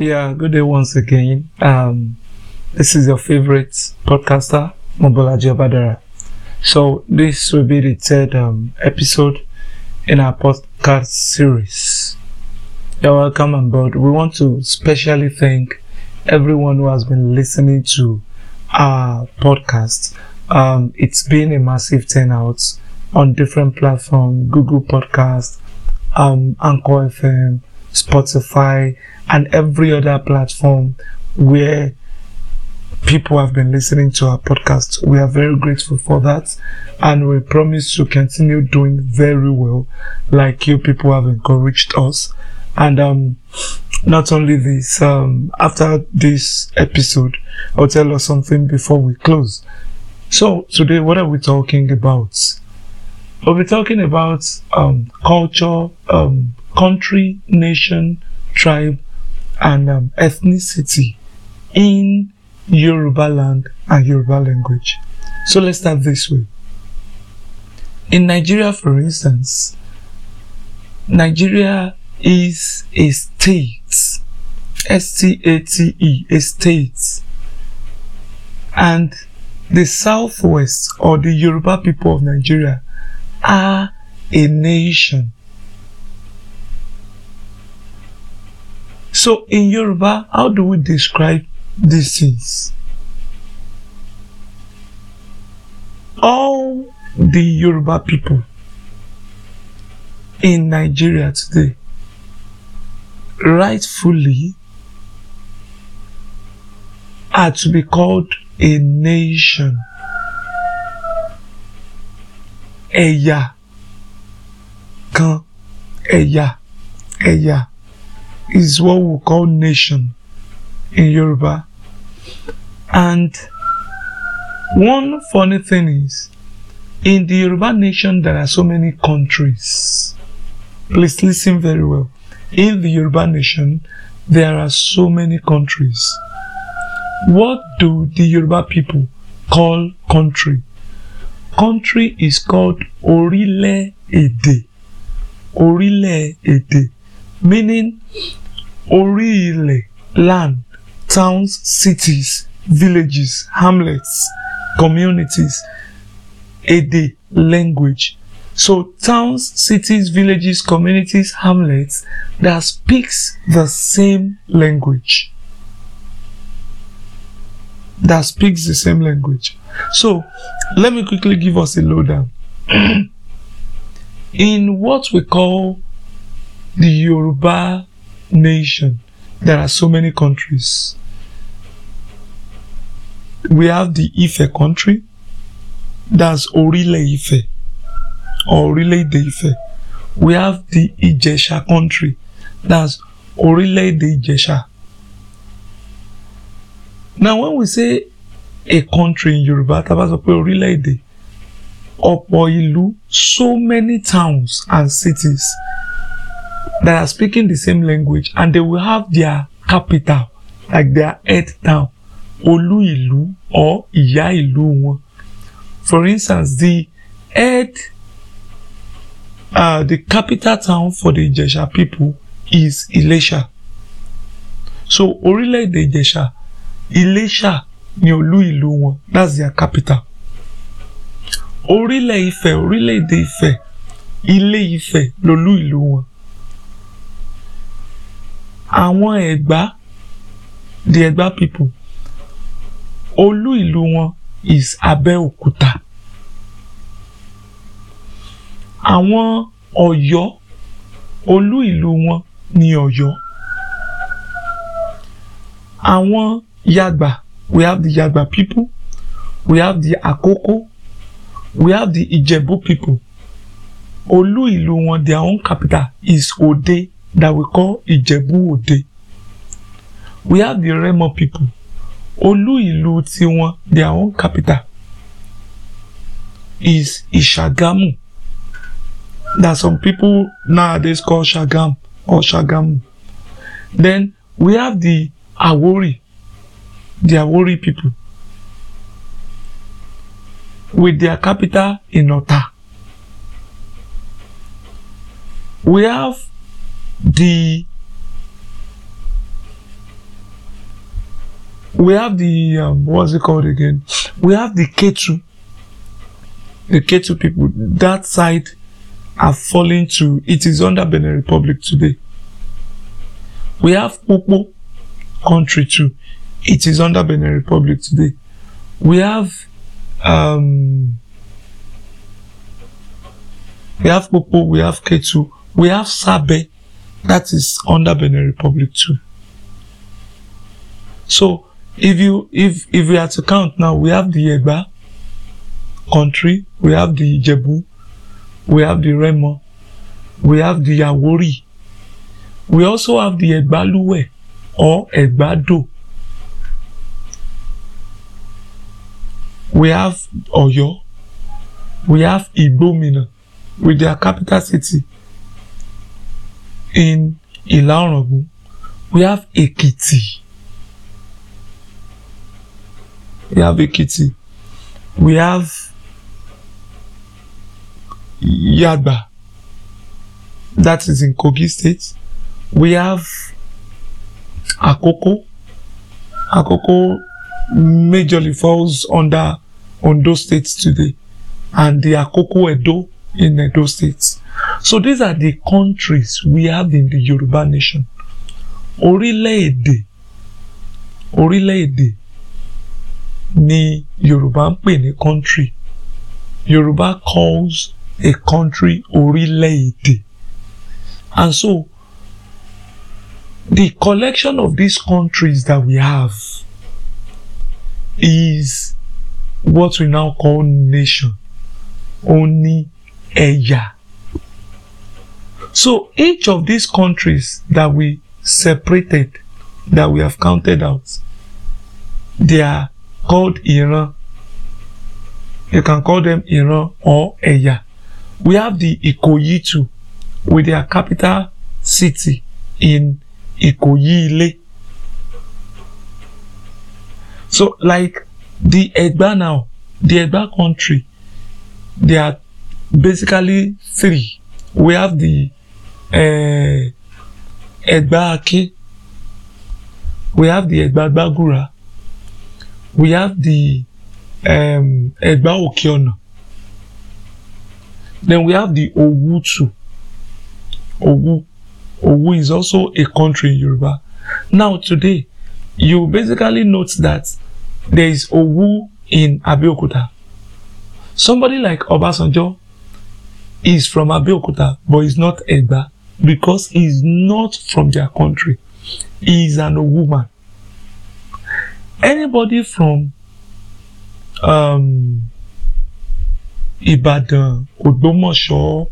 Yeah, good day once again. Um, this is your favorite podcaster, Mobula Jabadara. So this will be the third um, episode in our podcast series. You're welcome on board. We want to specially thank everyone who has been listening to our podcast. Um, it's been a massive turnout on different platforms, Google Podcast, um, Anchor FM, Spotify, and every other platform where people have been listening to our podcast. We are very grateful for that. And we promise to continue doing very well, like you people have encouraged us. And um, not only this, um, after this episode, I'll tell us something before we close. So, today, what are we talking about? We'll be talking about um, culture, um, country, nation, tribe, and um, ethnicity in Yoruba land and Yoruba language. So let's start this way. In Nigeria, for instance, Nigeria is a state, S T A T E, a state, and the southwest or the Yoruba people of Nigeria are a nation. So in Yoruba, how do we describe these things? All the Yoruba people in Nigeria today rightfully are to be called a nation. Ẹ̀yà kan ẹ̀yà ẹ̀yà is what we call nation in Yoruba. And one funny thing is, in the Yoruba nation, there are so many countries. Please listen very well. In the Yoruba nation, there are so many countries. What do the Yoruba people call country? Country is called Orile Ede. Orile Ede meaning Oriile, land, towns, cities, villages, hamlets, communities, Ede, language. So towns, cities, villages, communities, hamlets that speaks the same language. That speaks the same language. So let me quickly give us a lowdown. In what we call the Yoruba nation, there are so many countries. We have the Ife country, that's Orile Ife, or Orile de Ife. We have the Ijesha country, that's Orile de Ijesha. Now, when we say a country in Yoruba, tá a pé ọ̀pọ̀ ìlú, so many towns and cities that are speaking the same language and they will have their capital like their head town Olú ìlú or ìyá ìlú wọn. For instance, the head uh, the capital town for the Ìjẹ̀ṣà people is Iléṣà. So orílẹ̀-èdè Ìjẹ̀ṣà Iléṣà ni olú ìlú wọn that's their capital. Orílẹ̀ ife, orílẹ̀-èdè ife, Ile ife, lolú ìlú wọn àwọn ẹ̀gbá the ẹ̀gbá people olú ìlú wọn is abẹ́òkúta àwọn ọ̀yọ́ olú ìlú wọn ni ọ̀yọ́ àwọn yàgbà we have the yàgbà people we have the Akoko, we have the Ijebu people olú ìlú wọn their own capital is Ode. that we call Ijebu Ode. We have the Remo people, Olu Ilu Tiwọn, their own capital is Ishagamu. That some people nowadays call Shagam or Shagamu. Then we have the Awori, the Awori people, with their capital in Ota. We have the we have the um, what's it called again? We have the K2, the K2 people. That side are falling to it is under Benin Republic today. We have Popo country too. It is under Benin Republic today. We have um, we have Popo, we have K2, we have Sabe that is under Benin Republic too. So if you if if we are to count now, we have the Yegba country, we have the Jebu, we have the Remo, we have the Yawori, we also have the Egbaluwe or Egbado. We have Oyo, we have Ibomina with their capital city in ìlá we have Ekiti. We have Ekiti. We have Yagba. That is in Kogi State. We have Akoko. Akoko majorly falls under Ondo State today and the Akoko Edo in Edo State. So these are the countries we have in the Yoruba nation. Orilede. Orilede. orílẹ̀-èdè ni Yorùbá pè ní country. Yoruba calls a country Orilede. And so the collection of these countries that we have is what we now call nation. Only ní ẹ̀yà. So each of these countries that we separated, that we have counted out, they are called Iran. You can call them Iran or Eya. We have the Ikoyitu with their capital city in Ikoyile. So like the Egba now, the Egba country, they are basically three. We have the Egba eh, Akin. We have the Egba Bagura, We have the um, Okiona, Then we have the Owu too. Owu. Owu is also a country in Yoruba. Now today, you basically note that there is Owu in Abeokuta. Somebody like Obasanjo is from Abeokuta, but he's not Egba. because he's not from their country. He is an woman. Anybody from um, Ibadan, Odomosho,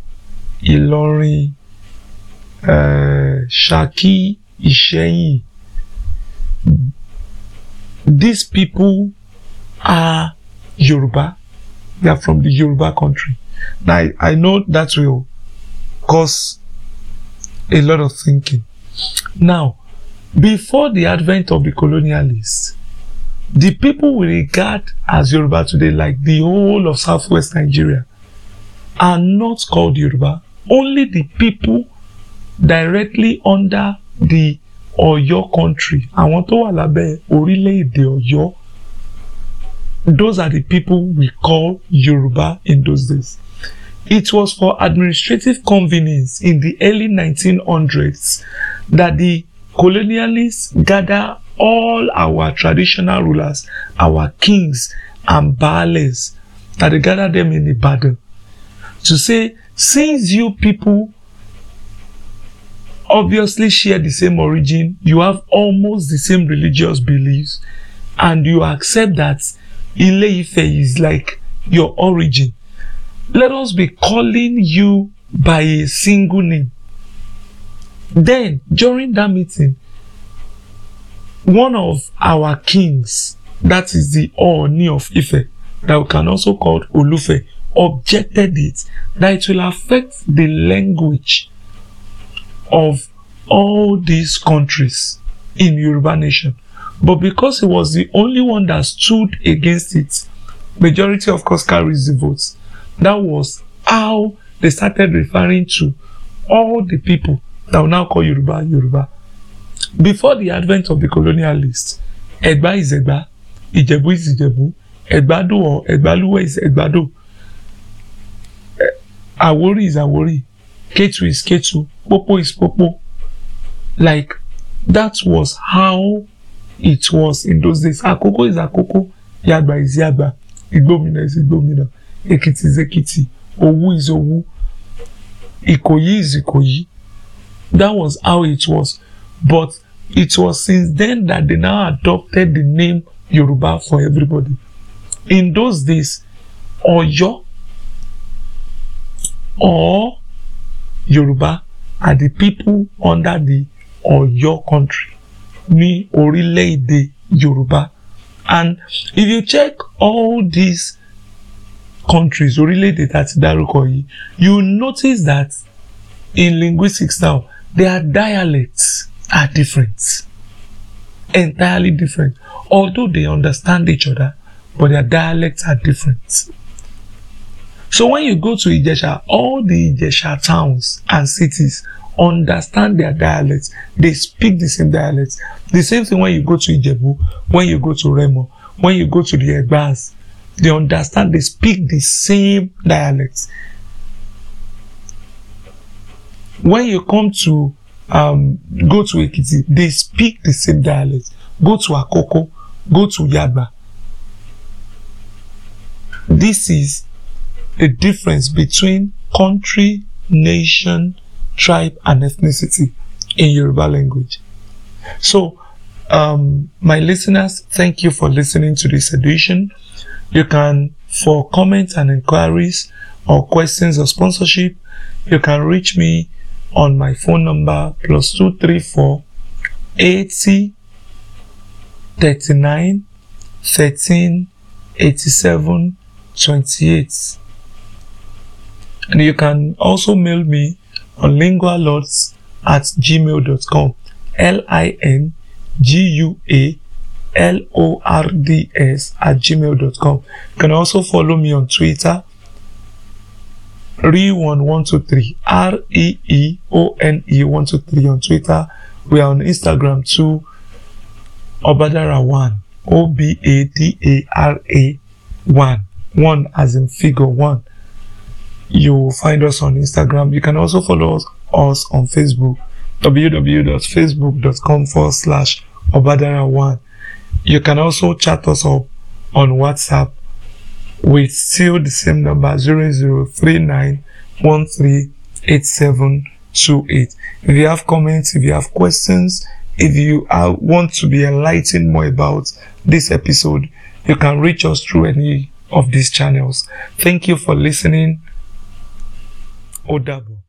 Ilorin, uh, eh, Shaki, Isheyin, these people are Yoruba. They are from the Yoruba country. Now, I, I know that will cause a lot of thinking. Now, before the advent of the colonialists, the people we regard as Yoruba today, like the whole of southwest Nigeria, are not called Yoruba. Only the people directly under the Ọ̀yọ́ country, àwọn tó wà lábẹ́ orílẹ̀-èdè Ọ̀yọ́, those are the people we call Yoruba in those days. It was for administrative convenience in the early 1900s that the colonialists gathered all our traditional rulers, our kings and baales, that they gathered them in the battle to say, since you people obviously share the same origin, you have almost the same religious beliefs, and you accept that Ile Ife is like your origin let us be calling you by a single name. Then, during that meeting, one of our kings, that is the Oni of Ife, that we can also call Olufe, objected it that it will affect the language of all these countries in Yoruba nation. But because he was the only one that stood against it, majority of course carries the votes. That was how they started referring to all the people that we now call Yoruba Yoruba. Before the advent of the colonialists, Egba is Egba, Ijebu is Ijebu, Egbado or Egbaluwe is Egbado, eh, Awori is Awori, Ketu is Ketu, Popo is Popo. Like that was how it was in those days. Akoko is Akoko, Yagba is Yagba, Igbomina is Igbomina. Èkìtì is Èkìtì, Òwu is Òwu, Ìkòyí is Ìkòyí. That was how it was. But it was since then that they now adopted the name Yoruba for everybody. In those days, Oyo or Yoruba are the people under the Oyo country ní orílẹ̀-èdè Yorùbá. And if you check all these countries related ede tá you notice that in linguistics now their dialects are different entirely different although they understand each other but their dialects are different so when you go to Ijesha all the Ijesha towns and cities understand their dialects they speak the same dialects the same thing when you go to Ijebu when you go to Remo when you go to the Egbas they understand, they speak the same dialects. When you come to um, go to Ekiti, they speak the same dialect. Go to Akoko, go to Yaba. This is the difference between country, nation, tribe, and ethnicity in Yoruba language. So, um, my listeners, thank you for listening to this edition. You can, for comments and inquiries or questions of sponsorship, you can reach me on my phone number plus 234 80 39 13 87 28. And you can also mail me on lingualots at gmail.com. L I N G U A lords at gmail.com. You can also follow me on Twitter, re1123, R E E O N E 123 on Twitter. We are on Instagram too, Obadara1, O B A D A R A 1, 1 as in figure 1. You will find us on Instagram. You can also follow us, us on Facebook, www.facebook.com forward slash Obadara1. You can also chat us up on WhatsApp with still the same number 0039 If you have comments, if you have questions, if you are, want to be enlightened more about this episode, you can reach us through any of these channels. Thank you for listening. Odabo.